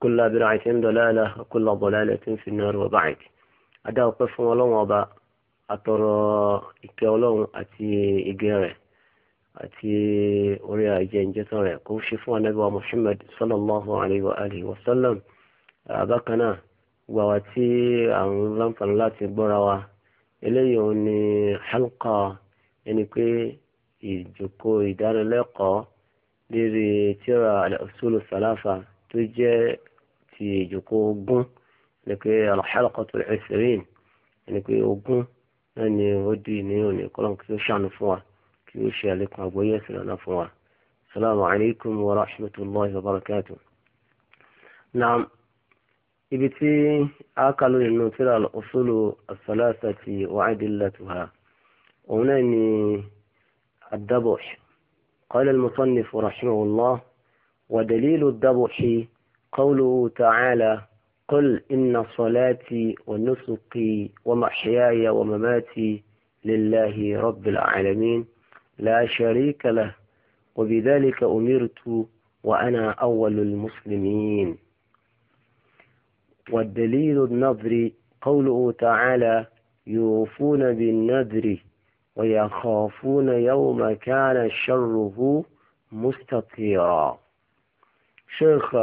كل برعة ضلالة وكل ضلالة في النار وبعد هذا وقف ولون وبا أترى إكيولون أتي إجارة أتي أوريا إجين جترة كوشفوا نبوى محمد صلى الله عليه وآله وسلم أباكنا وواتي أن لم لا تبروا إليه أني حلقة يعني كي يجوكو يدار لقاء لري ترى الأصول الثلاثة tó àti ìjòkó ogún ni pé alhalaqatul ishrin ni pé ogún náà ni ó di ní òní kọ́lọ́n kí ó ṣàánú fún wa kí ó ṣe àlékún àgbóyè ẹ̀sìn lọ́nà fún wa. salaamu alaykum wa rahmatulahi wa barakatu. naam ibi tí a kà lórí tíra al-usulu wa adillatuha òun náà ni ad-dabuh qala al wa dalilu ad قوله تعالى قل إن صلاتي ونسكي ومحياي ومماتي لله رب العالمين لا شريك له وبذلك أمرت وأنا أول المسلمين والدليل النظر قوله تعالى يوفون بالنذر ويخافون يوم كان شره مستطيرا شيخ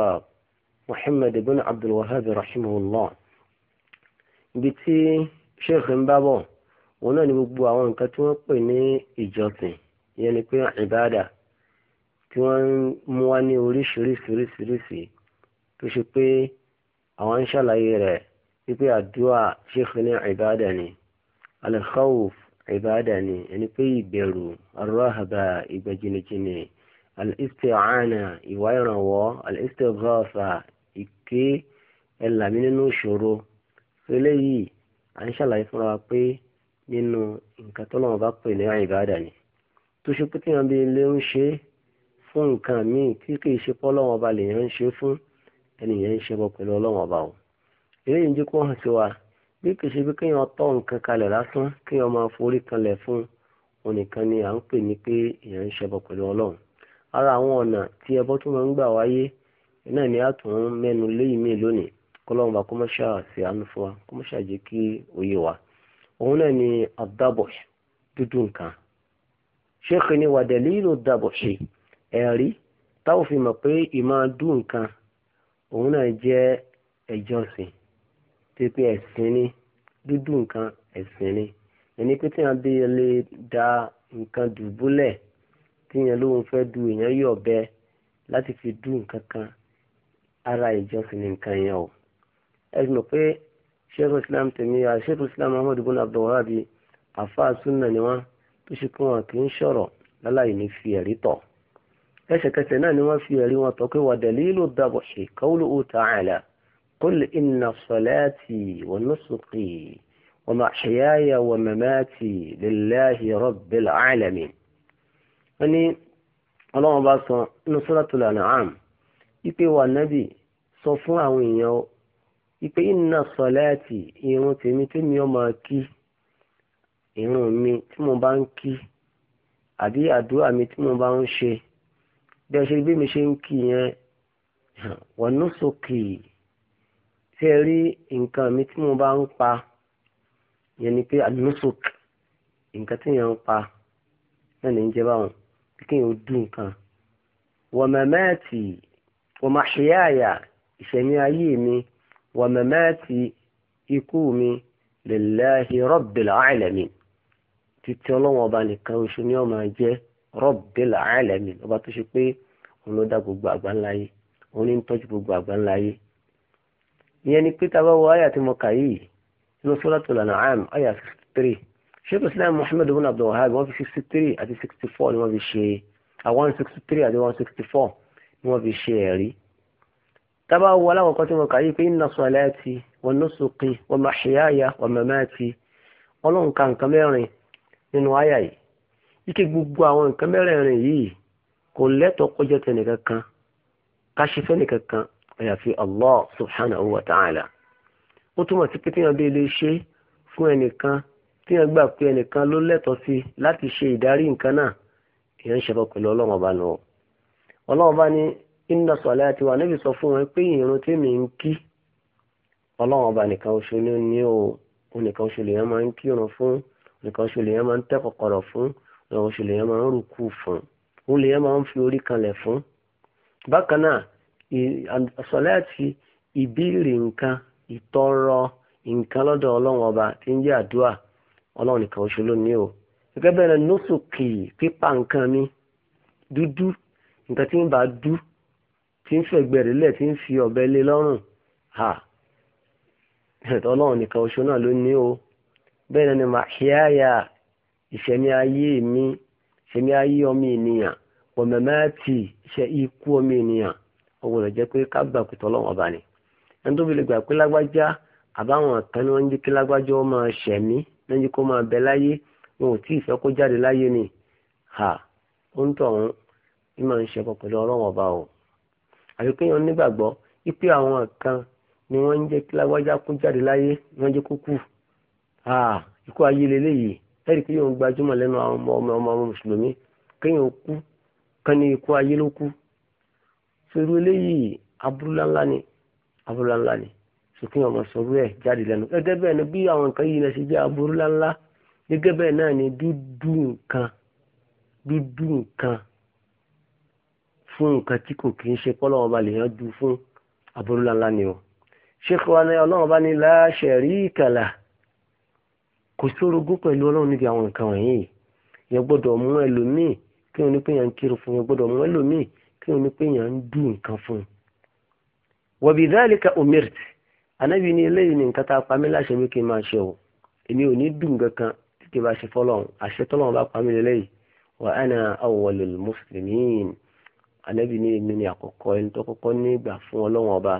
Muhammad ibn Abdul Wahhab rahimahullah ibi tí sheikh ń bá bọ̀ òun náà ni gbogbo àwọn nǹkan tí wọ́n pè ní ìjọsìn ìyẹn ni pé ìbáàdà tí wọ́n ń mú wá ní oríṣiríṣiríṣiríṣi tó ṣe pé àwọn ń ṣàlàyé rẹ̀ wípé àdúrà sheikh ní ìbáàdà ni al ìbáàdà ni ẹni pé ìbẹ̀rù ar-rahaba ìgbà jìnnìjìnnì ìwà ìrànwọ́ al-istighatha kí ẹ là nínú ìṣòro eléyìí à ń ṣàlàyé fúnra wa pé nínú nǹkan tó lọ́wọ́ bá pè ní àìbáàdà ni tó ṣe pé bíi ilé ń ṣe fún nǹkan míì tí kì ṣe pọ́ ń ṣe fún ẹnìyàn ń ṣe bọ́ pẹ̀lú ọlọ́wọ́ ọba o eléyìí ń jẹ́ kó hàn sí wa bí tọ́ nǹkan kalẹ̀ lásán kéèyàn máa forí kanlẹ̀ fún náà ni a tún mẹ́nu léyìí mi lónìí kọ́lọ́run bá kọ́mọ́ṣà sí àánú fún wa kọ́mọ́ṣà jẹ́ kí òye wa òun náà ni àdàbọ̀ dúdú nǹkan ṣéèkì ni wa dalilu dàbọ̀ ṣe ẹ̀rí táwọn fi mọ̀ pé ìmáa dún nǹkan òun náà jẹ́ ẹ̀jọ̀sìn tí pé ẹ̀sìn ni dúdú nǹkan ẹ̀sìn ni ẹni pé tí wọn bí lè da nǹkan dùbúlẹ̀ tí yẹn lóun fẹ́ du èèyàn yọ̀ bẹ láti fi dún nǹkan kan ara ìjọsìn nìkan yẹn o ẹ̀sìn mọ̀ pé sheikh islam tèmi ya sheikh islam muhammadu bin abdulwahabi àfáà sunna ni wọn tó ṣe kí wọn kì í sọ̀rọ̀ láláyé ní fi ẹ̀rí tọ̀ ẹsẹ̀kẹsẹ̀ náà ni wọ́n fi ẹ̀rí wọn tọ́ pé wa dalilu dabhi qawluhu ta'ala qul inna salati wa nusuki wa mahyaya wa mamati lillahi rabbil alamin. wọ́n ní ọlọ́wọ́n bá sọ nínú an'am ipe wà nábì sọ fún àwọn èèyàn o ipe iná sọláàtì irun tèmi tèmi ó máa kí irun mi tí mo bá ń kí àbí àdúrà mi tí mo bá ń ṣe bí ẹ ṣe bí mi ṣe ń kí yẹn wọ́n ní sókè tí ẹ rí nǹkan mi tí mo bá ń pa yẹn ni pé ànúsùk nǹkan tí yẹn ń pa náà ní jẹ́ báwọn kí n ò dùn nǹkan wọ́n mẹ́mẹ́ẹ̀tì wa mahiyaya ìṣẹ̀mí ayé mi wa mamati ikú mi lillahi rabbil alamin títí ọlọ́wọ́n ọba nìkan oṣù ni ó máa jẹ́ rabbil alamin ọba tó ṣe pé òun ló dá gbogbo àgbáńlá yìí òun ní ń tọ́jú gbogbo àgbáńlá yìí ìyẹn ni pé tábà wọ àyà tí mo kà yìí nínú suratul an'am àyà sixty three sheikh islam muhammed ibn abdul wahab àti sixty ni wọ́n fi ṣe one àti one wọ́n fi ṣe ẹ̀rí tábà wọ aláwọ̀kọ́ tí wọ́n kà yí pé inna salati wa nusuki wa mahyaya wa mamati ọlọ́run ka nǹkan mẹ́rin nínú àyà yìí ike gbogbo àwọn nǹkan mẹ́rẹ̀ẹ̀rin yìí kò lẹ́tọ̀ọ́ kọjá tẹ̀ nìkan kan ká ṣe fẹ́ Allah subhanahu wa ta'ala ó túmọ̀ sí pé tíyan ilé ṣe fún ẹnìkan tíyan gbà pé ẹnìkan ló lẹ́tọ̀ọ́ sí láti ṣe ìdarí nǹkan náà èèyàn ń ṣẹbọ pẹ̀lú ọlọ́run ọba nù ọ́ ọlọ́run bá ní inna salati wa níbi sọ fún wọn pé ìrun tí mi ń kí ọlọ́run ọba nìkan oṣù ní ní o onìkan oṣù lèèyàn máa ń kírun fún onìkan oṣù lèèyàn máa ń tẹ́ kọ̀kọ̀rọ̀ fún onìkan oṣù lèèyàn máa ń rùkú fún òun lèèyàn máa ń fi orí kanlẹ̀ fún. bákan náà sọláàtì ìbéèrè nǹkan ìtọrọ nǹkan lọ́dọ̀ ọlọ́run ọba tí ń jẹ́ àdúrà ọlọ́run nìkan oṣù lónìí o gẹ́gẹ́ bẹ́ẹ̀ nǹkan tí ń bá dú tí ń fẹ̀gbẹ́ rẹ̀ lẹ̀ tí ń fi ọ̀bẹ lé lọ́rùn ha ẹ̀tọ́ ọlọ́run nìkan oṣù náà ló ní o bẹ́ẹ̀ ni màṣíáyà ìṣẹ̀mí ayé mi ìṣẹ̀mí ayé ọmọ ènìyàn ọ̀mẹ̀mẹ́tì iṣẹ́ ikú ọmọ ènìyàn ọwọ́ rẹ̀ jẹ́ pé ká gbà pé tọ́lọ́run ọba ni ẹni tó fi lè gbà pé lágbájá àbáwọn kan ni wọ́n ń jẹ́ kí lágbájá ó máa ṣẹ̀mí lẹ́yìn kó máa bẹ láyé wọn ò tí ì fẹ́ kó jáde láyé ni ha ó ń tọ̀ ní máa ń ṣẹbọ pẹ̀lú ọlọ́run ọba o àfi kéèyàn nígbàgbọ́ ipe àwọn kan ni wọ́n ń jẹ́ kí lágbájá kú jáde láyé ni wọ́n jẹ́ kó kú ikú ayé leléyìí ẹ̀rí pé yóò gbajúmọ̀ lẹ́nu àwọn ọmọ ọmọ mùsùlùmí kéèyàn kú kan ní ikú ayé ló kú sórí eléyìí abúlá ni abúlá ńlá ni sókè ọmọ sọrú ẹ jáde lẹ́nu gẹ́gẹ́ bẹ́ẹ̀ ni bí àwọn nǹkan yìí lẹ ṣe jẹ abúlá ńlá gẹ́gẹ́ náà ni dúdú nǹkan dúdú nǹkan fún nǹkan tí kò kí ń ṣe pọ́ lọ́wọ́ ba lè yanjú fún aburúlá ńlá ni o ṣéèkì wa ní ọlọ́run bá ní láṣẹ rí ìkàlà kò sórogún pẹ̀lú ọlọ́run níbi àwọn nǹkan wọ̀nyí yẹn gbọ́dọ̀ mú ẹlòmíì kí wọn ní pé yẹn ń kírun fún yẹn gbọ́dọ̀ mú ẹlòmíì kí wọn ní pé yẹn ń dùn nǹkan fún un. wọ̀bí dáàlíkà omirt anábì ní eléyìí ní nǹkan tá a pa mí láṣẹ pé kí n máa ṣe o èmi ò ní dùn kankan tí kì bá ṣe fọlọ́run àṣẹ tọ́lọ́run bá pa mí lélẹ́yìí wa ana awwalul muslimin ànábì ní èmi ni àkọ́kọ́ ẹni tó kọ́kọ́ ní ìgbà fún ọlọ́wọ́n ọba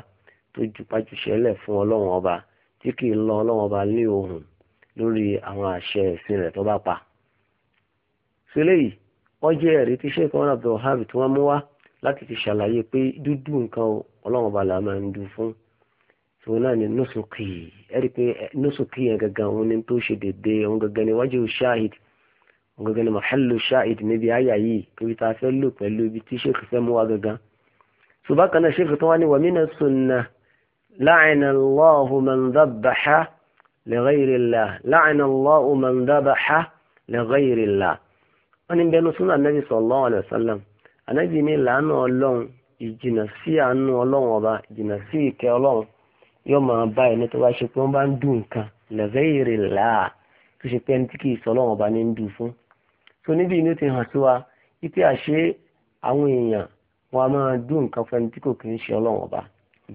tó jupájú ṣẹlẹ̀ fún ọlọ́wọ́n ọba tí kì í lọ ọlọ́wọ́n ọba ní ohùn lórí àwọn àṣẹ ẹ̀sìn rẹ̀ tó bá pa. sílẹ̀ yìí wọ́n jẹ́ ẹ̀rí tí sheikh wọn abdulhab tí wọ́n mú wá láti fi ṣàlàyé pé dúdú nǹkan ọlọ́wọ́n ọba là máa ń du fún tòun náà ni nùsùkì ẹ̀rí pé nùsùkì yẹn gangan òun ni tó ṣe déédéé òun gangan ni wájú shahid gangan ni mahallu shahid níbi àyà yìí kiri ta fẹ́ lò pẹ̀lú ibi tí sheikh fẹ́ mú wa gangan ṣùgbọ́n kan náà sheikh tó wá ní wa mina sunna la'ina allahu man dhabaha li ghayri allah la'ina allahu man dhabaha li ghayri allah wọ́n ní bẹnu sunna anabi sallallahu alayhi wa sallam anabi ní làánà ọlọ́run ìjìnà sí àánú ọlọ́run ọba ìjìnà sí ìkẹ́ ọlọ́run yóò tó níbi inú ti hàn sí wa wípé àṣé àwọn èèyàn wọn a máa dún nǹkan fẹni tí kò kì í ṣe ọlọ́run ọba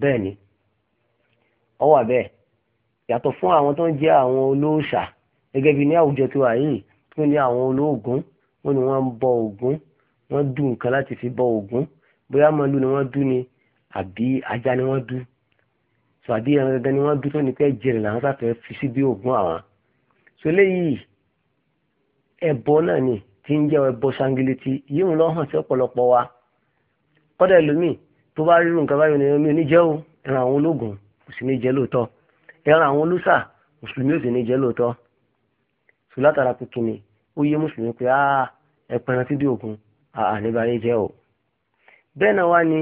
bẹ́ẹ̀ ni ó wà bẹ́ẹ̀ yàtọ̀ fún àwọn tó ń jẹ́ àwọn olóòṣà gẹ́gẹ́ bí ní àwùjọ tiwa yìí tó ní àwọn olóògùn wọn ni wọ́n ń bọ ògún wọ́n dún nǹkan láti fi bọ ògún bóyá màálù ni wọ́n dún ni àbí ajá ni wọ́n dún so àbí ẹran dandan ni wọ́n dún tó ní pẹ́ jẹrẹ làwọn sáfẹ́ fi sí bí ògún àwọn so léyìí ẹ̀bọ náà ni tí ń jẹ́ ẹ̀bọ ṣangiliti yìí ń lọ hàn sí ọ̀pọ̀lọpọ̀ wa kọ́dà ẹlòmíì tó bá rírun nǹkan báyìí ni ẹ̀mí oníjẹ́ o ẹran àwọn ológun kò sì ní jẹ́ lóòótọ́ ẹran àwọn olóṣà mùsùlùmí ò sì ní jẹ́ lóòótọ́ sùlátara pé kìnnì ó yé mùsùlùmí pé áà ẹ̀pẹ̀rẹ̀ tí dé ògùn jẹ́ o bẹ́ẹ̀ náà wá ni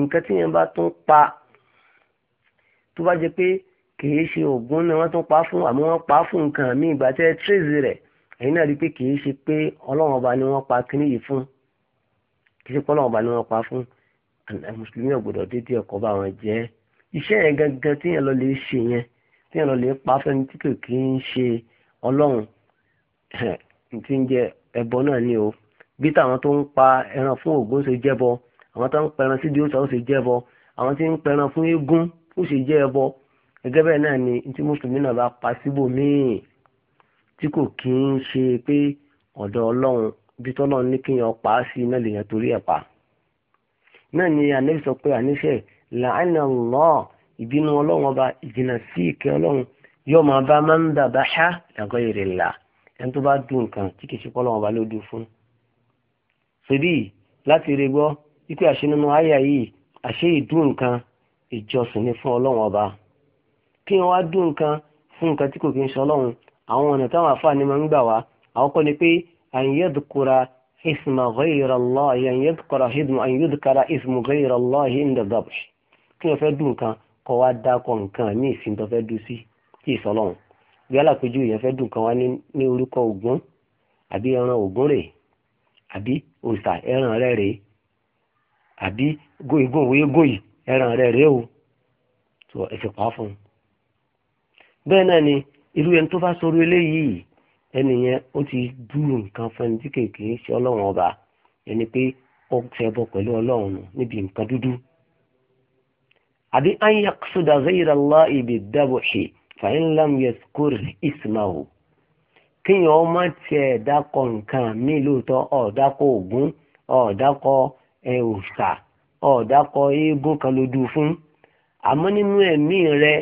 nǹkan tí yẹn bá tún pa tó bá jẹ́ pé kì í ṣe ògùn ni wọ́n tún pa fún àmọ́ wọ́n pa fún nǹkan míì ìgbà tẹ́ tírèzì rẹ̀ ẹ̀yin náà rí i pé kì í ṣe pé ọlọ́run ọba ni wọ́n pa kíní yìí fún kì í ṣe pé ọlọ́run ọba ni wọ́n pa fún eh, mùsùlùmí ọ̀gbọ̀dọ̀ dédé ẹ̀kọ́ bá wọn jẹ́ iṣẹ́ yẹn gangan tí yẹn lọ lè ṣe yẹn tí yẹn lọ lè pa fẹ́ni tí kò kí ń ṣe ọlọ́run eh, tí ń jẹ ẹbọ náà ni o bí táwọn tó ń pa ẹran fún ògún ṣe jẹ́bọ àwọn tó ń pa ẹran sídìí òòṣà ó ṣe jẹ́bọ àwọn tí ń pa ẹran fún eégún ó ṣe jẹ́ ẹbọ gẹ́gẹ́ bẹ́ẹ̀ náà ni tí mùsùlùmí náà bá pa síbòmíì tí kò kí ń ṣe pé ọ̀dọ̀ ọlọ́run bí tọ́lọ́run ní kí yẹn pa á sí náà lèèyàn torí ẹ̀ pa. náà ni ànábì sọ pé àníṣe làánà lọ ìbínú ọlọ́run ọba ìjìnà sí ìkẹ́ ọlọ́run yóò máa bá máa ń dàbá ṣá làgọ́ èrè là ẹni tó bá dùn nǹkan tí kì í ṣe pọ́lọ́run ọba ló dùn fún. ṣèbí láti rí gbọ́ wípé àṣẹ nínú àyà yìí àṣẹ ìdùn nǹkan ìjọsìn ni fún ọlọ́run ọba kí wọ́n wá dùn nǹkan fún nǹkan tí kò kí ń ṣe ọlọ́run àwọn ọ̀nà táwọn àfáàní máa ń gbà wá àkọ́kọ́ ni pé an yadhkura isma ghayra Allah an yadhkura isma an yadhkura isma ghayra Allah inda dhabh kí wọ́n fẹ́ dùn kan kọ́ wá dákọ̀ nǹkan ní ìsìn tó fẹ́ dùn sí kí ìsọlọ́run bí alápèjú èèyàn fẹ́ dùn kan wá ní orúkọ Ògún àbí ẹran Ògún rèé àbí òòṣà ẹran rẹ̀ rèé àbí igun òwe igun ẹran rẹ̀ rèé o tó ẹ̀sìn fún bẹ́ẹ̀ náà ni irú ẹni tó bá sọ̀rọ̀ eléyìí ẹni yẹn ó ti dúró nǹkan fún ẹni tí kèké ṣe ọlọ́run ọba ẹni pé ó ṣẹbọ pẹ̀lú ọlọ́run níbi nǹkan dúdú. àbí anya sódà zayira lá ibi dábòṣe fàyín lam yẹskúr ismahu kéèyàn ọmọ tiẹ̀ dákọ̀ nǹkan mi lóòótọ́ ọ̀ọ́dákọ̀ ògún ọ̀ọ́dákọ̀ ẹ̀ òòṣà ọ̀ọ́dákọ̀ eégún kan ló dùn fún àmọ́ nínú ẹ̀mí rẹ̀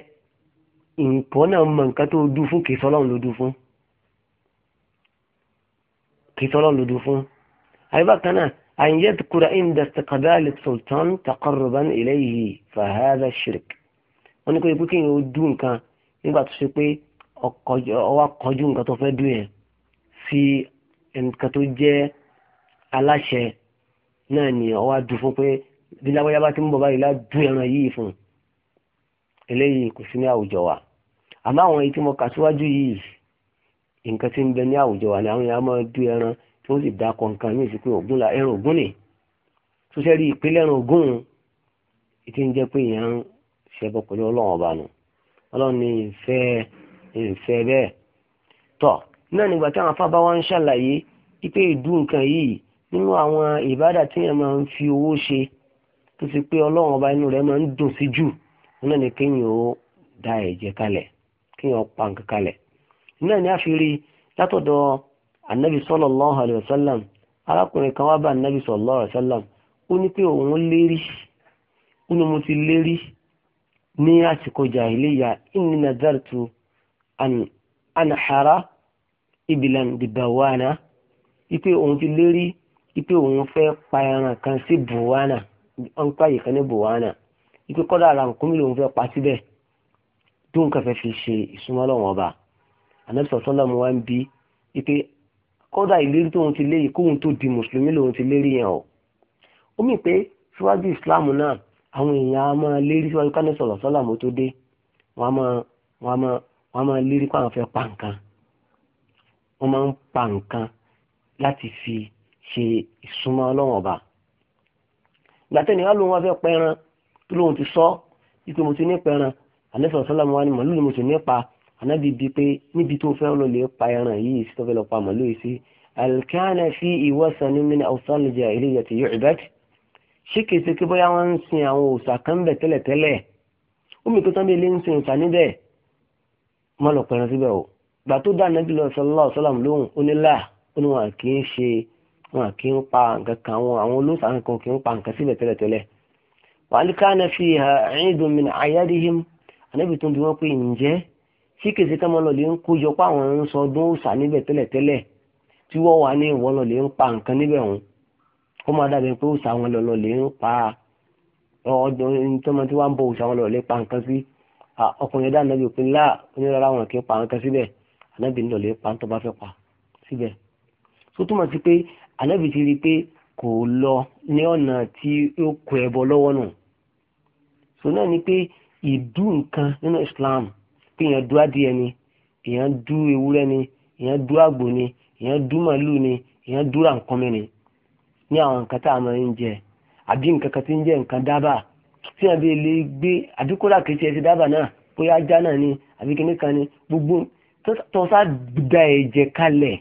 ìpọ́ náà mọ nǹkan tó dú fún kìí sọ́lọ́run ló dú fún kìí sọ́lọ́run ló dú fún àyíbákan náà àyíyẹ́ ti kura inda istikadali sultan taqarruban ilayhi fa hadha shirk wọ́n ní kó ipú kí n yóò dú nǹkan nígbà tó ṣe pé ọwọ́ kọjú nǹkan tó fẹ́ dú yẹn sí nǹkan tó jẹ́ aláṣẹ náà ni ọwọ́ dú fún pé bí lágbájá bá ti ń bọ̀ báyìí lá ẹran yìí fún eléyìí kò sí ní àwùjọ wa àmọ́ àwọn èyí tí mo kà síwájú yìí nǹkan tí ń bẹ ní àwùjọ wà ní àwọn èèyàn máa du ẹran tí wọ́n sì da akọ nǹkan míì sí pé ògún la ẹran ògún ni tó ṣe rí ìpínlẹ̀ ẹran ògún tí ń jẹ́ pé èèyàn ń ṣẹbọ pẹ̀lú ọlọ́run ọba nù ọlọ́run ní ìfẹ́ ìfẹ́ bẹ́ẹ̀ tọ̀ náà nígbà tí àwọn afábá wa ń ṣàlàyé pípé ìdú nǹkan yìí nínú àwọn ìbádà tí èèyàn máa ń fi owó ṣe tó ti pé ọlọ́run ọba inú rẹ̀ máa ń dùn sí jù náà ni kéèyàn ó da ẹ̀jẹ̀ kalẹ̀ kí wọ́n pa nǹkan kalẹ̀ náà ni a fi rí látọ̀dọ̀ anabi sallallahu alayhi wa sallam arákùnrin kan wá bá anabi sallallahu alayhi wa sallam ó ní pé òun lérí ó ní mo ti lérí ní àsìkò jahiliya inni nadartu an hara ibilan dibawana ipe òun ti lérí ipe òun fẹ́ pa ẹran kan sí buwana ọ̀npá yìí kan ní buwana ipe kọ́dà ara nkúmi lòun fẹ́ pa síbẹ̀. Si tó nǹkan fẹ́ fi ṣe ìsúnmọ́ Ọlọ́run ọba anabi sọ̀tọ́lá mu wá ń bí ipe kọ́dà ìlérí tóun ti léyìí kóun tó di mùsùlùmí lòun ti lérí yẹn o ó mì pé síwájú ìsìláàmù náà àwọn èèyàn á máa lérí síwájú ká anabi sọ̀rọ̀ sọ́là mo tó dé wọ́n á máa wọ́n á máa wọ́n á máa lérí kó àwọn fẹ́ pa nǹkan wọ́n máa ń pa nǹkan láti fi ṣe ìsúnmọ́ Ọlọ́run ọba gbàtẹ́ni wá lóun wá fẹ́ pẹran tó lóun ti sọ ipe mo ti ní pẹran anẹ́sọ̀ sọ́lámù wa ni màálù ni mo sì nípa anábì bíi pé níbi tó fẹ́ lọ lè pa ẹran yìí sí tó fẹ́ lọ pa màálù yìí sí alkana fi ìwọ́sàn ní mìíràn ọ̀sán ìjà ìlẹ́yà ti yóò ìbẹ́t ṣé kìí ṣe kí bóyá wọ́n ń sin àwọn òòṣà kan bẹ̀ tẹ́lẹ̀tẹ́lẹ̀ omi tó tán bí ilé ń sin òòṣà níbẹ̀ mọ́ lọ pẹ̀rẹ̀ síbẹ̀ o gbà tó dá anábì lọ ànábì tó ń bi wọ́n pé ǹjẹ́ tí kèsì kan máa lọ lè ń kójọ pa àwọn ń sọ ọdún òòsà níbẹ̀ tẹ́lẹ̀tẹ́lẹ̀ tí wọ́n wà ní ìwọ́n lọ lè ń pa nǹkan níbẹ̀ wọn ó máa dàbí pé òòsà wọn lọ lọ lè ń pa ọdún tọ́mọ tí wọ́n ń bọ òòsà wọn lọ lè pa nǹkan sí ọkùnrin dá ànábì pé láà onírọ̀rá wọn kì í pa nǹkan síbẹ̀ ànábì ń lọ lè pa tó bá fẹ́ pa síbẹ̀ tó túmọ̀ sí pé ànábì ti rí pé kò lọ ní ọ̀nà tí ó kọ ẹbọ lọ́wọ́ nù so náà ni pé ìdú nǹkan nínú Islam pé èèyàn dú adìẹ ni èèyàn dú ewúrẹ́ ni èèyàn dú àgbò ni èèyàn dú màálù ni èèyàn dú rànkọ́mi ni ní àwọn nǹkan tá a máa ń jẹ àbí nǹkan kan tí ń jẹ nǹkan dábàá tí wọn bí lè gbé àdúkọ́lá kìí ṣe ti dábàá náà bóyá ajá náà ni àbí kíní kan ni gbogbo tọ́sá da ẹ̀jẹ̀ kalẹ̀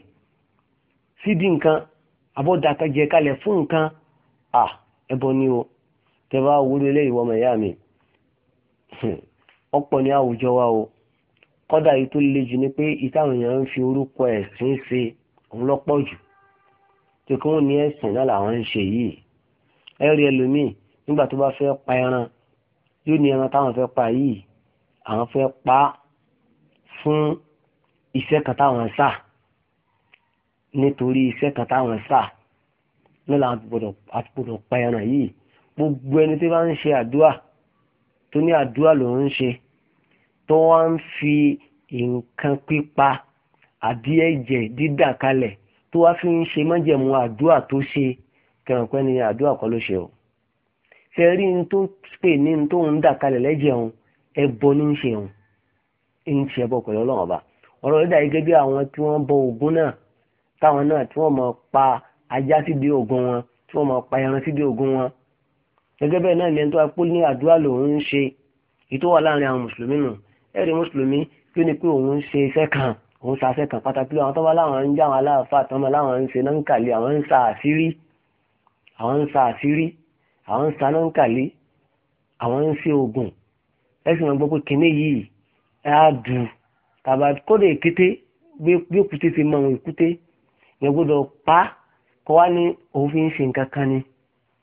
síbi nǹkan abọ́dà kan jẹ kalẹ̀ fún nǹkan à ẹbọ ni o tẹ bá wúlò lẹ́yìn wọ́n mọ̀ ẹ̀yà mi. Hmm. ọ̀pọ̀ ní àwùjọ wa o kọ́dà yìí tó le jù ni pé ìtàwọn èèyàn ń fi orúkọ ẹ̀sìn ṣe òun lọ́pọ̀ jù tí kí wọ́n ní ẹ̀sìn náà làwọn ń ṣe yìí ẹ rí ẹlòmíì nígbà tó bá fẹ́ pa ẹran yóò ní ẹran táwọn fẹ́ pa yìí àwọn fẹ́ pa fún iṣẹ́ kan táwọn sà nítorí iṣẹ́ kan táwọn sà náà làwọn àti gbọ́dọ̀ pa ẹran yìí gbogbo ẹni tí bá ń ṣe àdúrà tó ní àdúrà ló ń ṣe tó wá ń fi nǹkan pípa àbí ẹ̀jẹ̀ dídà kalẹ̀ tó wá fi ń ṣe májẹ̀mú àdúrà tó ṣe kẹrànpẹ́ ni àdúrà kọ́ ló ṣe o ṣe rí ní tó pè ní ní tó ń dà kalẹ̀ lẹ́jẹ̀ òun ẹbọ ní ń ṣe òun ń ṣe ẹbọ pẹ̀lú ọlọ́run ọba ọ̀rọ̀ rẹ̀ dà gẹ́gẹ́ bí àwọn tí wọ́n bọ ògún náà táwọn náà tí wọ́n mọ̀ pa ajá sídìí ògún wọn tí wọ́n mọ̀ pa ẹran sídìí ògún wọn gẹ́gẹ́ bẹ́ẹ̀ náà lẹ́nu tó apó ní àdúrà lòun ń ṣe ìtò wà láàrin àwọn mùsùlùmí nù ẹ̀rí mùsùlùmí kí ó ní pé òun ń ṣe iṣẹ́ kan òun ṣàṣẹ kan pàtàkì lọ àwọn tó bá láwọn ń jẹ́ àwọn aláàfáà tó máa láwọn ń ṣe náǹkàlẹ́ àwọn ń sa àṣírí àwọn ń sa àṣírí àwọn ń sa náǹkàlẹ́ àwọn ń ṣe oògùn ẹ̀sìn wọn gbọ́ pé kinní yìí á dù tàbá kódé èkété bí òkúté ti mọ àwọn yẹn gbọ́dọ̀ pa kọ́ wá ní òun ṣe nǹkan kan ni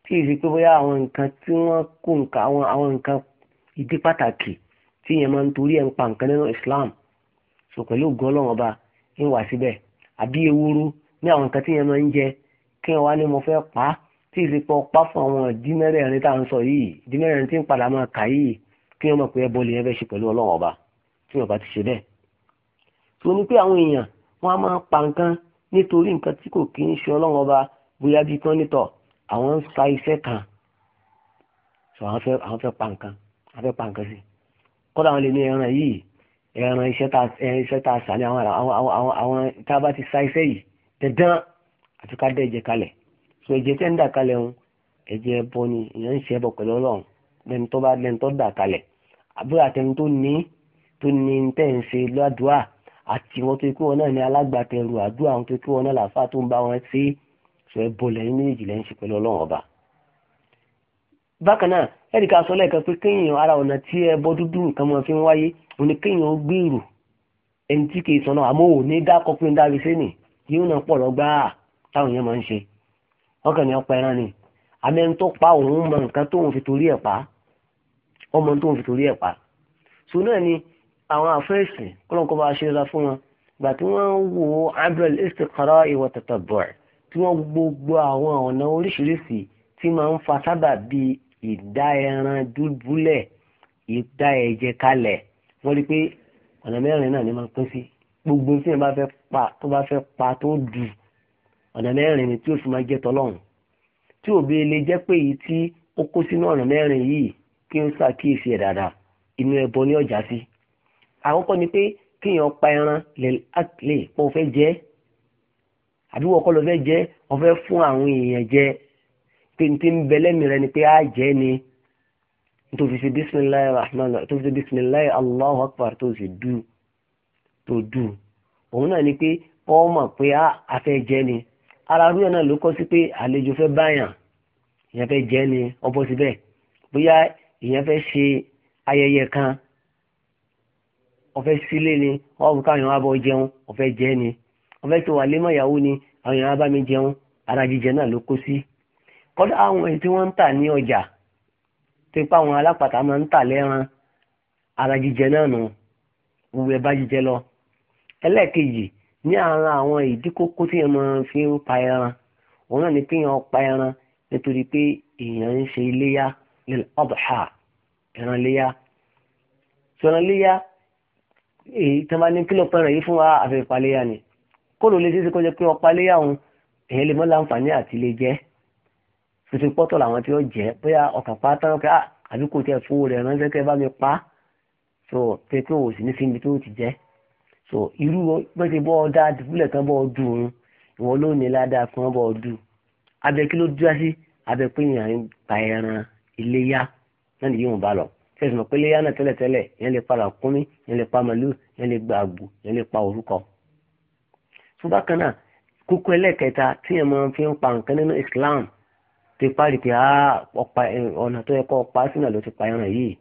tí èsì pé bóyá àwọn nǹkan tí wọ́n kó nǹkan àwọn nǹkan ìdí pàtàkì tí yẹn máa ń torí ẹ̀ ń pa nǹkan nínú Islam sọ pẹ̀lú ògùn ọlọ́run ọba ń wà síbẹ̀ àbí ewúro ní àwọn nǹkan tí yẹn máa ń jẹ kí wọ́n wá ní mo fẹ́ pa á tí èsì pé ọpá fún àwọn dínẹ́rẹ̀ẹ́rin tá à ń sọ yìí dínẹ́rẹ̀ẹ́rin tí ń padà máa kà yìí kí wọ́n mọ̀ pé ẹbọ lè yẹn bóyá bíi kán nítọ̀ àwọn ń sa iṣẹ́ kan so àwọn fẹ́ àwọn fẹ́ pa nǹkan àwọn fẹ́ pa nǹkan sí kọ́dà àwọn lè ní ẹran yìí ẹran iṣẹ́ tá iṣẹ́ tá a sà ní àwọn àwọn àwọn tá a bá ti sa iṣẹ́ yìí dandan àti ká dẹ́ ẹ̀jẹ̀ kalẹ̀ so ẹ̀jẹ̀ tẹ́ ń dà kalẹ̀ ń ẹ̀jẹ̀ bọ ni ìyẹn ń ṣe ẹbọ pẹ̀lú ọlọ́run lẹ́ni tó bá lẹ́ni tó dà kalẹ̀ àbúrò àtẹni tó ní tó ní tẹ́ ń ṣe ládùúà àti wọn tó kí wọn náà ní alágbàtẹrù àdúrà wọn tó kí wọn náà làáfà tó ń bá wọn ṣe é sọ ẹ bọ́ lẹ́yìn méjì lẹ́yìn ṣe pẹ̀lú ọlọ́run ọba bákan náà ẹ̀rí ká sọ lẹ́ẹ̀kan pé kéèyàn ara ọ̀nà tí ẹbọ dúdú nǹkan mọ̀ fi ń wáyé òun ni kéèyàn ó gbèrú ẹni tí kìí sọnà àmọ́ ò ní dákọ́ pé ń dárí sẹ́nì yóò náà pọ̀ lọ́gbà táwọn yẹn máa ń ṣe wọ́n ní ọ̀pá ẹran ni àmì ẹni tó pa òun mọ nǹkan tóun fi torí ẹ̀ pa ọmọ tóun fi torí ẹ̀ pa so náà ni àwọn àfẹ́sì kọ́lọ́nkọ́ bá ṣe ra fún wọn gbà tí wọ́n wo abdul istiqara ìwà tatabu'i tí wọ́n gbogbo àwọn ọ̀nà oríṣiríṣi tí máa ń fa sábà bíi ìdá ẹran dúbúlẹ̀ ìdá ẹ̀jẹ̀ kalẹ̀ wọ́n rí pé ọ̀nà mẹ́rin náà ni máa pín sí gbogbo tí wọ́n bá fẹ́ pa tó bá fẹ́ pa tó dù ọ̀nà mẹ́rin ni tí ó fi máa jẹ́ tọ́lọ́run tí òbí ilé jẹ́ pé èyí tí ó kó sínú ọ̀nà mẹ́rin yìí kí ó ṣàkíyèsí ẹ̀ dáadáa inú ẹbọ ní ọjà sí àkọ́kọ́ ni pé kéèyàn pa ẹran lè pọ̀ fẹ́ jẹ́ àbí wọ́n kọ́ lọ fẹ́ jẹ́ wọ́n fún àwọn èèyàn jẹ tètè ń bẹ lẹ́mìí ni pé á jẹ́ ni tó fi ṣe bisimilayi rahman tó fi ṣe bisimilayi allahu akbar tó ṣe dùn tó dùn òun náà ni pé wọ́n mọ̀ pé á fẹ́ jẹ́ ni ara rúyà náà ló kọ́ sí pé àlejò fẹ́ báyàn ìyẹn fẹ́ jẹ́ ni ọbọ̀ síbẹ̀ bóyá ìyẹn fẹ́ ṣe ayẹyẹ kan ọ̀fẹ́ sílé ni ọ̀bùkà yẹn wà bọ̀ jẹun ọ̀fẹ́ jẹ́ ni wọ́n fẹ́ kí wà lé mọ̀yàwó ni àwọn èèyàn bá mi jẹun ara jíjẹ náà ló kó sí kọ́dọ̀ àwọn èyí tí wọ́n ń tà ní ọjà tó àwọn alápàtà máa ń tà lẹ́ran ara jíjẹ náà nù gbogbo ẹ̀ bá jíjẹ lọ ẹlẹ́ẹ̀kejì ní ara àwọn ìdí tí yẹn fi ń pa ẹran òun náà ni pé yẹn pa ẹran nítorí pé èèyàn ń ṣe iléyà ọ̀dọ̀ṣà ẹran iléyà tí ẹran iléyà èyí tí wọ́n bá ní kílọ̀ pẹ́ràn yìí fún wa àfẹ́fà iléyà ni kóòlù lè ṣeéṣe kó jẹ pé ọpa léyà òun èyàn lè mọ láǹfààní àti lè jẹ tuntun pọtọ làwọn tí ó jẹ bóyá ọkàn pa tán pé àbí kò tẹ fowó rẹ ránṣẹ́ kẹ bá mi pa so pé pé òsì ní fi ibi tó ti jẹ so irú bó ti bọ́ ọdá dùbúlẹ̀ tán bọ́ ọdún òun ìwọ ló ní ládàá fún ọbọ̀ ọdún abẹ kí ló dúró sí abẹ pé èèyàn ń pa ẹran iléyà náà nìyí wọn bá lọ fẹsùn pé iléyà náà tẹ́lẹ̀tẹ́lẹ̀ yẹn lè pa làkúnmí yẹn lè pa màlúù yẹn lè gba àgbò yẹn lè pa orúkọ so bákan náà kókó ẹlẹ́kẹta tí ẹ̀ máa fi ń pa nǹkan nínú Islam ti parí pé ọ̀nà tó yẹ kó pa sínú ló ti pa ẹran yìí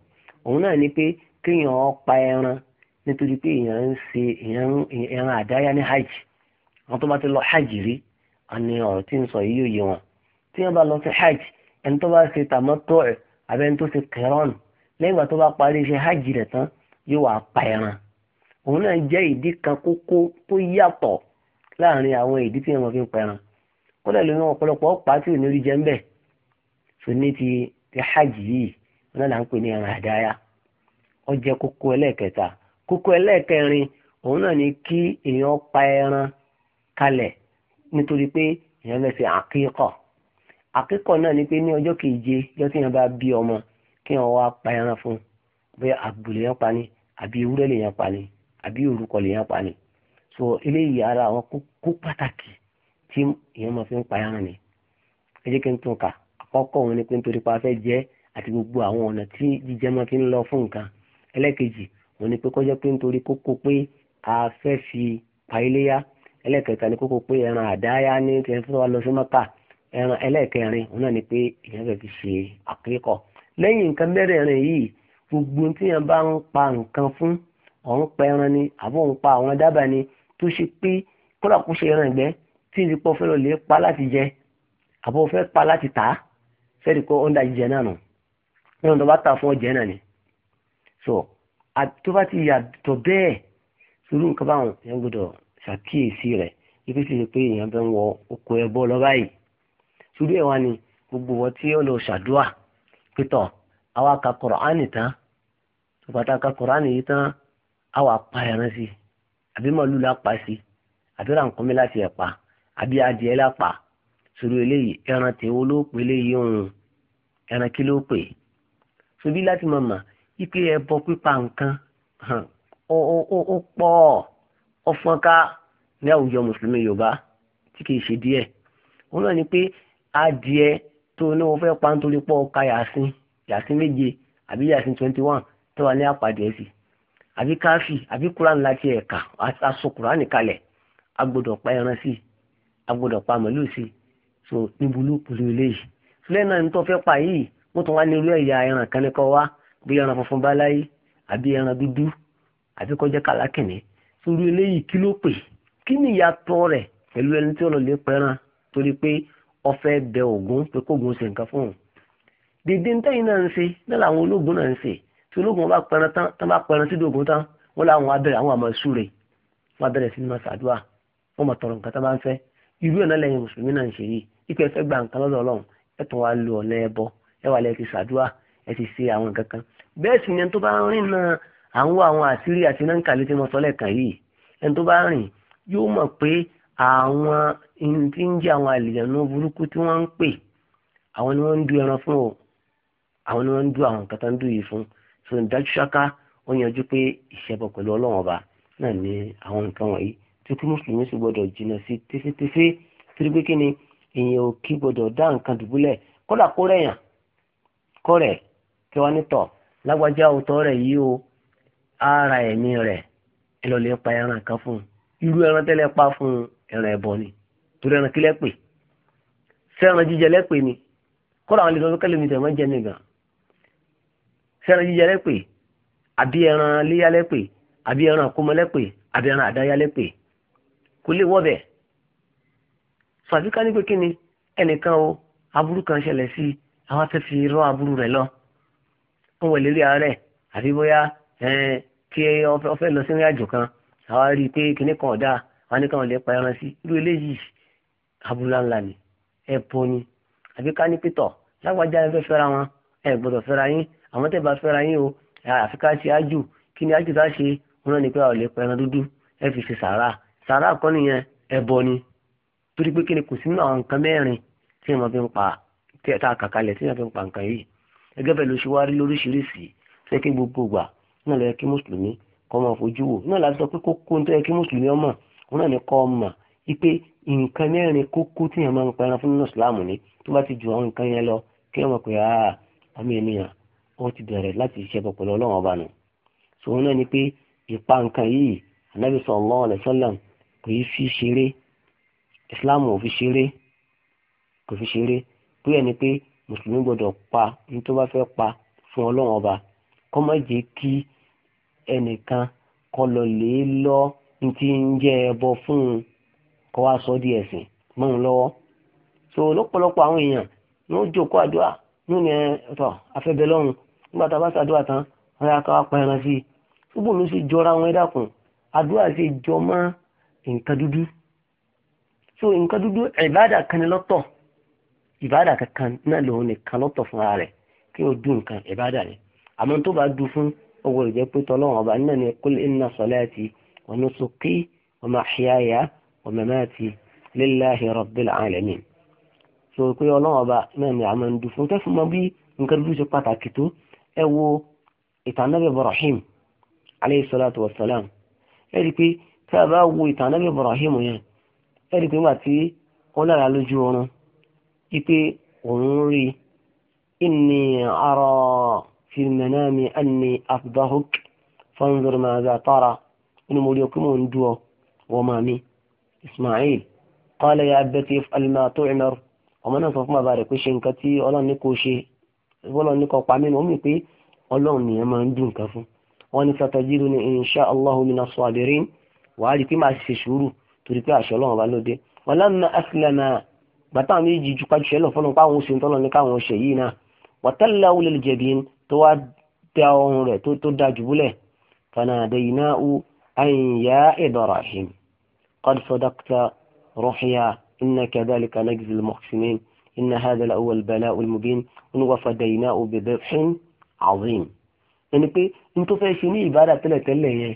òun náà ni pé kéèyàn pa ẹran nítorí pé èèyàn ń ṣe ẹran àdáyá ní hajj àwọn tó bá ti lọ hajj rí àni ọ̀rọ̀ tí ń sọ yìí yóò yé wọn tí wọ́n bá lọ sí hajj ẹni tó bá ṣe tàmọ́tò ẹ̀ àbẹ́ ẹni tó ṣe kẹrọ́n lẹ́yìn ìgbà tó bá parí iṣẹ́ hajj rẹ̀ tán yóò wá pa ẹran òun náà jẹ́ ìdí kan kókó tó yàtọ̀ láàrin àwọn ìdí tí wọn fi ń pẹran kódà lóyún ọ̀pọ̀lọpọ̀ ọ̀pá tí ò ní orí jẹ́ ń bẹ̀ tó ní ti na hajj yìí wọn là ń pè ní ẹran àdáyà ó jẹ́ kókó ẹlẹ́ẹ̀kẹta kókó ẹlẹ́ẹ̀kẹrin òun náà ni kí èèyàn pa ẹran kalẹ nítorí pé èèyàn fẹ́ ṣe àkíkọ̀ àkíkọ̀ náà ni pé ní ọjọ́ keje lọ́jọ́ tí èèyàn bá bí ọmọ kí wọ́n wá pa ẹran fún bóyá àgbò pa ni àbí ewúrẹ́ lèèyàn pa ni àbí so eléyìí ara àwọn kókó pàtàkì tí èèyàn máa fi ń pa ẹran ni ẹ jẹ́ kí n tún kà àkọ́kọ́ òun ni pé nítorí pa afẹ́ jẹ́ àti gbogbo àwọn ọ̀nà tí jíjẹ máa fi ń lọ fún nǹkan ẹlẹ́ẹ̀kejì òun ni pé kó jẹ́ pé nítorí kókó pé a fẹ́ fi pa iléyá ẹlẹ́ẹ̀kẹta ni kókó pé ẹran àdáyá ní tiẹ̀ fún wa lọ sí mọ́kà ẹran ẹlẹ́ẹ̀kẹrin òun náà ni pé èèyàn fẹ́ fi ṣe àkíkọ̀ lẹ́yìn nǹkan mẹ́rẹ̀ẹ̀rin yìí gbogbo tí èèyàn bá ń pa nǹkan fún òun pa ẹran ni àbóun pa àwọn dábàá ni tó ṣe pé kódà kó ṣe ẹran ìgbẹ́ tí ìdí pọ̀ fẹ́ lọ lè pa láti jẹ àbọ̀ fẹ́ pa láti tà á fẹ́ẹ́rì kọ́ ọ́ndà jíjẹ náà nù nínú tó bá tà fún ọjẹ́ náà ni so tó bá ti yàtọ̀ bẹ́ẹ̀ sùúrù nǹkan báwọn èèyàn gbọdọ̀ ṣàkíyèsí rẹ̀ ibi tí ṣe pé èèyàn bẹ́ ń wọ oko ẹbọ lọ báyìí sùúrù ẹ̀ wá ni gbogbo wọn tí ó lọ ṣàdúà pétọ̀ àwa ka Kùránì tán tó bá ta ka Kùránì yìí tán àwa pa ẹran sí i àbí màálù lápá sí àbí rànkúnmí láti ẹ̀pà àbí adìẹ lápá sórí eléyìí ẹran tèwo ló pè léyìí òun ẹran kí ló pè sobí láti máa mà ipe ẹbọ pípa nǹkan ó pọ̀ ó fọ́n ká ní àwùjọ mùsùlùmí yorùbá tí kìí ṣe díẹ̀ òun náà ni pé adìẹ tó ní wọ́n fẹ́ pa nítorí pọ̀ ká yàsín yàsín méje àbí yàsín twenty one tó wà ní àpàdé sí àbí káfí àbí kuran láti ẹ̀ka aṣọ kuran kalẹ̀ agbọ́dọ̀ pa ẹran sí agbọ́dọ̀ pa màlúù sí so níbo ló pèlú eléyìí sílẹ̀ náà ní tó fẹ́ pa yìí wọ́n tún wá ní irú ẹ̀yà ẹran kan ní kọ́ wá bí ẹran funfun bá láyé àbí ẹran dúdú àbí kọjá kàlákìnní sórí eléyìí kí ló pè kí ni ìyàtọ̀ rẹ̀ pẹ̀lú ẹni tí ọlọ́lẹ̀ pẹran torí pé ọfẹ́ bẹ Ògún pé kógun ṣe nǹkan fún un dèdè ntẹ́yìn náà ń ṣe náà làwọn ológun náà ń ṣe tí ológun bá pẹran tán tán bá pẹran sí dògùn tán wọn làwọn abẹrẹ àwọn àmọ súre wọn abẹrẹ sí ni wọn ṣàdúrà wọn mọ tọrọ nǹkan tán bá ń fẹ́ irú ẹ̀ náà lẹ́yìn mùsùlùmí náà ń ṣe yìí ipò ẹfẹ gba nǹkan lọ́dọ̀ Ọlọ́run ẹ tún wá lu ọ̀nà ẹbọ ẹ wà lẹ́yìn ti ṣàdúrà ẹ ti ṣe àwọn nǹkan kan bẹ́ẹ̀ sì ni ẹni tó bá rìn náà àwọn àwọn àṣírí àti náǹkàlẹ́ tí mo sọ lẹ́ẹ̀kan yìí ẹni tó bá rìn yóò mọ̀ pé àwọn tí ń jẹ́ àwọn àlìyànú burúkú tí wọ́n ń pè àwọn ni wọ́n ń du ẹran fún o àwọn ni wọ́n ń du àwọn nǹkan tó ń du yìí fún o sọ̀rọ̀ dájú ṣáká ó yanjú pé ìṣẹbọ pẹ̀lú ọlọ́run ọba náà ní àwọn nǹkan wọ̀nyí tí kí mùsùlùmí sì gbọdọ̀ jìnnà sí tẹ́fẹ́tẹ́fẹ́ torí pé kí ni èèyàn ò kí gbọdọ̀ dá nǹkan dùbúlẹ̀ kódà kó rẹ̀yàn kó rẹ̀ kí wọ́n ní tọ̀ lágbájá òótọ́ rẹ̀ yìí o ara ẹ̀mí rẹ̀ ẹ lọ lè pa ẹran kan fún un irú ẹran tẹ́lẹ̀ pa fún ẹran ẹ̀bọ ni torí ẹran kílẹ̀ pè sẹ́ran jíjẹ lẹ́pẹ̀ ni kódà àwọn ilé ìtọ́jú kẹ́lẹ́mìtẹ̀ mọ́ jẹ́ nìkan sẹ́ran yíyẹ lẹ́pè àbí ẹran léyà lẹ́pè àbí ẹran àkómọ lẹ́pè àbí ẹran àdáyà lẹ́pè kò lè wọ́bẹ̀. sọ̀tìkà ní pé kí ni ẹnìkan o aburú kan ṣẹlẹ̀ sí àwọn afẹ́ fi rọ́ aburú rẹ̀ lọ. wọ́n wọ̀ lérí ara rẹ̀ àbí bóyá kí ọfẹ́ lọ sínú àjò kan àwa rí i pé kinní kan ọ̀dà wọn ní káwọn pa ẹran sí irú eléyìí aburú ńlá ni ẹ̀pọ̀ ni àbí ní pétọ̀ lágbájá ẹ fẹ́ fẹ́ra wọn ẹ gbọ́dọ̀ fẹ́ra yín àwọn tẹ́ bá fẹ́ra yín o àfi ká ṣe ájù kí ni ájù tá ṣe wọn ni pé a ò lè pẹran dúdú ẹ fi ṣe sàárà sàárà kọ́ nìyẹn ẹbọ ni torí pé kí ni kò sínú àwọn nǹkan mẹ́rin tí wọ́n fi ń pa tí ẹ̀ta àkàkalẹ̀ tí wọ́n fi ń pa nǹkan yìí gẹ́gẹ́ bẹ́ẹ̀ ló ṣe wárí lóríṣiríṣi fẹ́ kí gbogbo gbà náà lọ yẹ kí mùsùlùmí kọ́ máa fojú wò náà láti sọ pé kókó tó yẹ kí mùsùlùmí ọmọ òun náà ni kọ́ ọmọ wípé nǹkan mẹ́rin kókó tí yẹn máa ń pa ẹran fún nínú ìsìláàmù ni tó bá ti ju àwọn nǹkan yẹn lọ kí wọ́n mọ̀ pé àmì ènìyàn ó ti bẹ̀rẹ̀ láti ṣiṣẹ́ pọ̀ pẹ̀lú ọlọ́run ọba nù ṣòwò náà ni pé ìpa nǹkan yìí anabi sallallahu alaihi wasallam kò í fi ṣeré islam ò fi ṣeré kò fi ṣeré pé ẹni pé mùsùlùmí gbọ́dọ̀ pa ní tó bá fẹ́ pa fún ọlọ́run ọba kó má jẹ́ kí ẹnìkan kó lọ lè lọ ní ti ń jẹ ẹbọ fún un kó wá sọ di ẹ̀sìn mọ́ òun lọ́wọ́ so lọ́pọ̀lọpọ̀ àwọn èèyàn ní ó jókòó àdúrà ní ó ní ẹ tọ́ afẹ́bẹ́ nígbà tá a bá ṣàdúrà tán ọ̀rẹ́ akáwá pa ẹran sí i gbogbo ló ṣe jọra wọn ẹ dákun àdúrà ṣe jọ mọ́ nǹkan dúdú so nǹkan dúdú ìbáàdà kan ni lọ́tọ̀ ìbáàdà kankan náà lòun nìkan lọ́tọ̀ fúnra rẹ̀ kí o dùn nǹkan ìbáàdà rẹ̀ àmọ́ tó bá dùn fún owó ìjẹ́ pé tọ́lọ́wọ́n ọba nínú ni kul inna salati wa nusuki wa mahyaya wa mamati lillahi rabbil alamin so pé ọlọ́wọ́n ọba náà ni àmọ́ ń dùn fún tẹ́fù bí nǹkan dúdú ṣe pàtàkì tó ẹ wo ìtàn Ànábì Ibrahim alayhi salatu wa salam ẹ rí i pé tí a bá wo ìtàn Ànábì Ibrahim yẹn ẹ rí i pé nígbà tí wọ́n lára lójú oorun ipe òun rí inni ara fi manami anni afdahuk fanzur maza tara inú mo rí ọ pé ń dú ọ máa mi Ismail qala ya abati if'al ma tu'mar ọmọ náà sọ fún bàbá rẹ̀ pé ṣe nǹkan tí ọlọ́run ní kò ṣe bọ́lọ̀ ní kọpa mímu ó mì pé ọlọ́run nìyẹn máa ń dùn nǹkan fún wọn ní satajiru ní insha allahu mina sabirin wàá rí i pé máa ṣe sùúrù torí pé àṣọ ọlọ́run bá lóde wọn lánàá aslama gbàtà àwọn méjì ju pàjùṣẹ lọ fọlọ pé àwọn oṣù tọlọ ní káwọn ṣe yìí náà wàtálà wọlé jẹbìn tó wá da ọrùn rẹ̀ tó da jùbúlẹ̀ fanadaynahu an ya إن هذا لهو البلاء المبين وفديناه بذبح عظيم ẹni pé n tó fẹ́ ṣe ní ìbádà tẹ́lẹ̀tẹ́lẹ̀ yẹn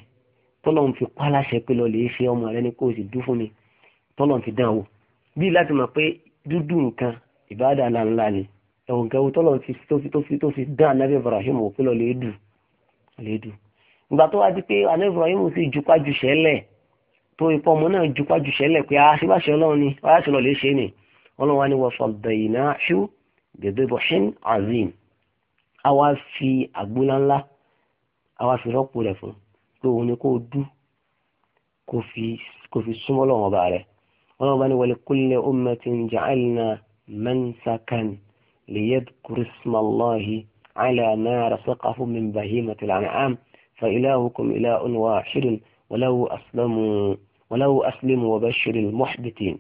tọ́lọ́n fi pa láṣẹ pé lọ lè ṣe ọmọ rẹ ni kò sì dú fún mi tọ́lọ́n fi dán o bí láti mọ̀ pé dúdú nǹkan ìbádà ńláńlá ni ẹ̀wọ̀n nǹkan wo tọ́lọ́n fi tó fi tó fi dán anabi Ibrahim wò pé lọ lè dù lè dù ìgbà tó wá di pé anabi Ibrahim sì jupájú ṣẹlẹ̀ tó ipò ọmọ náà jupájú ṣẹlẹ̀ pé àṣìbáṣẹ Ọlọ́run ni wáyà ti lọ lè ṣe nìyí wọn lọ́wọ́ ni wọ́n sọ bẹ̀yìnà ṣú gẹ̀dẹ̀bọ̀ ṣín azim a wá fi àgbóná ńlá a wá fi rọ́pò rẹ̀ fún pé òun ni kò dú kò fi súnmọ́ lọ́wọ́ ọba rẹ̀ wọn lọ́wọ́ ni wọlé kúlẹ̀ ummatin ja'alna mansakan liyadhkuru ismallahi ala ma rasaqahu min bahimatil an'am fa ilahukum ilahun wahidun walahu aslamu walahu aslimu wa bashiril muhbitin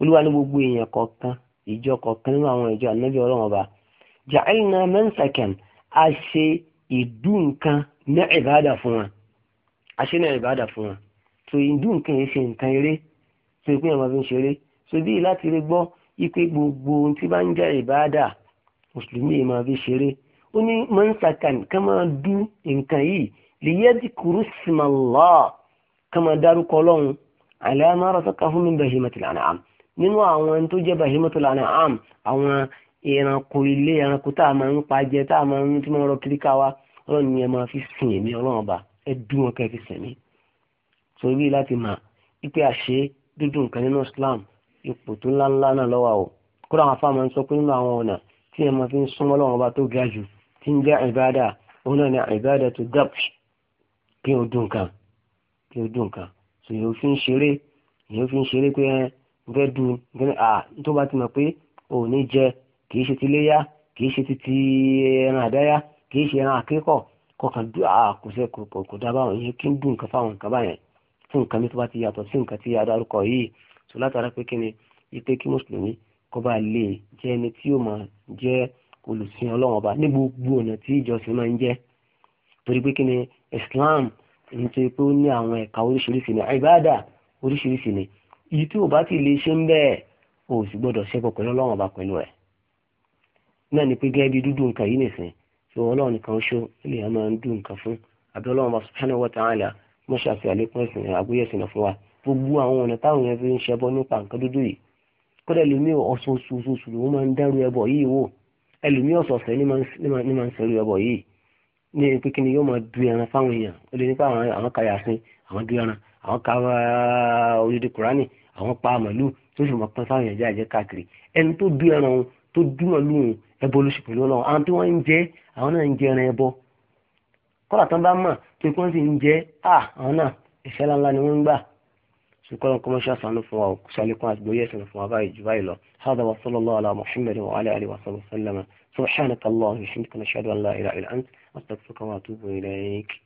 olúwa ní gbogbo èèyàn kọ̀ọ̀kan ìjọ kọ̀ọ̀kan nínú àwọn ìjọ ànábì ọlọ́run ọba ja'alna mansakan a ṣe ìdú nǹkan ní ìbáàdà fún wọn a ṣe ní ìbáàdà fún wọn so ìdú nǹkan yìí ṣe nǹkan eré so ìpín àwọn fi ń ṣeré so bí láti rí gbọ́ ipe gbogbo ohun tí bá ń jẹ́ ìbáàdà mùsùlùmí yìí máa fi ṣeré ó ní mansakan ká máa dú nǹkan yìí liyadhkuru isma Allah ká máa dárúkọ ọlọ́run ala ma razaqahum min bahimatil an'am nínú àwọn ẹni tó jẹ́ bahimatul an'am àwọn ẹranko ilé ẹranko tá a máa ń pa jẹ tá a máa ń tí máa ń rọ kiri ká wa ọlọ́run ni ẹ máa fi sìn èmi ọlọ́run ọba ẹ dún wọn kẹ́ẹ̀ fi torí láti mà ipe àṣẹ dúdú nǹkan nínú Islam ipò tó ńláńlá náà lọ́wọ́ o kódà àwọn afáàmà ń sọ pé nínú àwọn ọ̀nà tí ẹ máa fi ń súnmọ́ ọlọ́run ọba tó ga jù tí ń jẹ́ ìbádà òun náà ni ìbádà tó dàpù kí o dún nǹkan kí o dún nǹkan so èèyàn fi ń ṣeré èèyàn fi ń fẹ́ du gẹ́ni ah, à tó bá ti mọ̀ pé ò ní jẹ kì í ṣe ti léyà kì í ṣe ti ti ẹran àdáyà kì í ṣe ẹran àkẹ́kọ̀ọ́ kọkàn dùn à ah, kò sẹ́ kò dábàá ìyẹn kí ń dùn nǹkan fáwọn nǹkan báyẹn fún nǹkan mi tó bá ti yàtọ̀ sí nǹkan tí adarúkọ yìí tó látara pé kí ni ipe kí mùsùlùmí kó bá lè jẹ́ ẹni tí yóò máa jẹ́ olùsìn ọlọ́wọ́n ọba ní gbogbo ọ̀nà tí ìjọsìn máa ń jẹ́ torí pé kí ni Islam nítorí pé ó ní àwọn ẹ̀ka oríṣiríṣi ni ibada oríṣiríṣi ni èyí tí ò bá ti lè ṣe ń bẹ́ẹ̀ o sì gbọ́dọ̀ ṣẹ́gun pẹ̀lú ọlọ́run ọba pẹ̀lú ẹ̀ náà ni pé gẹ́gẹ́ bí dúdú nǹkan yìí nìsín tí ọlọ́run nìkan ṣó ilé ẹ̀ máa ń dùn nǹkan fún àbí ọlọ́run ọba subhanahu wa ta'ala mọ́ ṣàfihàn àlékún ẹ̀sìn àgbéyẹ̀sìn fún wa gbogbo àwọn ọ̀nà táwọn yẹn fi ń ṣẹbọ nípa nǹkan dúdú yìí kódà ẹlòmíì ọ̀sọ̀ọ̀sọ̀ọ̀sọ̀ ló máa ń dẹ́rù ẹbọ yìí wò ẹlòmíì ọ̀sọ̀ọ̀sẹ̀ ní máa ń sẹ́rù ẹbọ yìí ní pé kí ni yóò máa du ẹran fáwọn èèyàn àwọn ka eh, odidi kurani àwọn pa màlúù tó sì mọ̀ pé fáwọn èèyàn jẹ́ àjẹ́ káàkiri ẹni tó bí ẹran òun tó bí màlúù òun ẹbọ lóṣù pẹ̀lú ọlọ́run àwọn tí wọ́n ń jẹ àwọn náà ń jẹ ẹran ẹbọ kọ́lá tán bá mọ̀ pé kí wọ́n sì ń jẹ àwọn náà ìfẹ́ ńláńlá ni wọ́n ń gbà سكون كما شاء صانو فوا سالكون أسبوعية سنو فوا باي جبايلو هذا وصلى الله على محمد وعلى آله وصحبه وسلم سبحانك اللهم، وبحمدك نشهد أن لا إله إلا أنت أستغفرك وأتوب إليك